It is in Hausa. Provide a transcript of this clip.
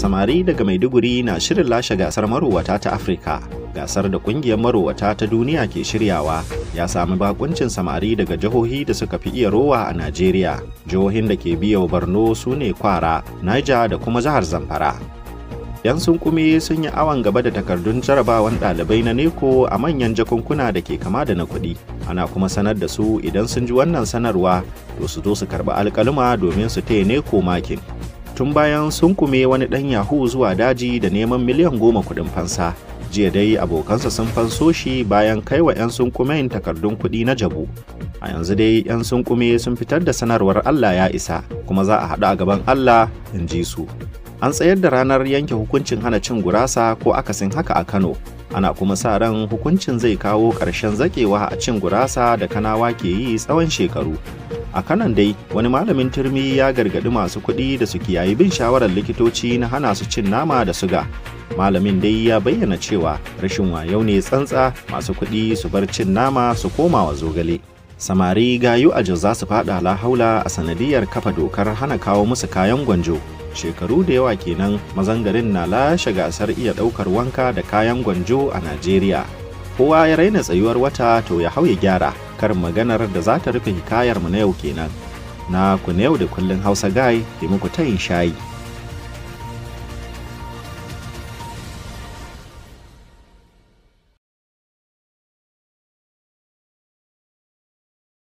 samari daga maiduguri na shirin lashe gasar marowata ta afirka gasar da kungiyar marowata ta duniya ke shiryawa ya sami bakuncin samari daga jihohi da suka fi iya rowa a najeriya jihohin da ke biya borno su ne kwara niger da kuma zahar zamfara yan sun kume sun yi awon gaba da takardun jarabawan ɗalibai na neko a manyan jakunkuna da ke kama da na kuɗi ana kuma sanar da su idan sun ji wannan sanarwa to su zo su karɓi alƙaluma domin su taya neko makin tun bayan sun kume wani ɗan yahoo zuwa daji da neman miliyan goma kuɗin fansa jiya dai abokansa sun fanso shi bayan kai wa 'yan sunkumen takardun kuɗi na jabu a yanzu dai 'yan kume sun fitar da sanarwar allah ya isa kuma za a haɗu a gaban allah in ji su an tsayar da ranar yanke hukuncin hana cin gurasa ko akasin haka a kano ana kuma sa ran hukuncin zai kawo ƙarshen zaƙewa a cin gurasa da kanawa ke yi tsawon shekaru a kanan dai wani malamin turmi ya gargaɗi masu kuɗi da su kiyayi bin shawarar likitoci na hana su cin nama da suga malamin dai ya bayyana cewa rashin wayau ne tsantsa masu kuɗi su bar cin nama su koma wa zogale samari gayu a za su fada lahaula a sanadiyar kafa dokar hana kawo musu kayan gwanjo shekaru da yawa kenan mazangarin na lashe gasar iya ɗaukar wanka da kayan gwanjo a najeriya kowa ya raina tsayuwar wata to ya hau ya gyara karin maganar da za ta rufe hikayarmu na yau kenan na ku na yau da kullun hausa guy ke muku tayin shayi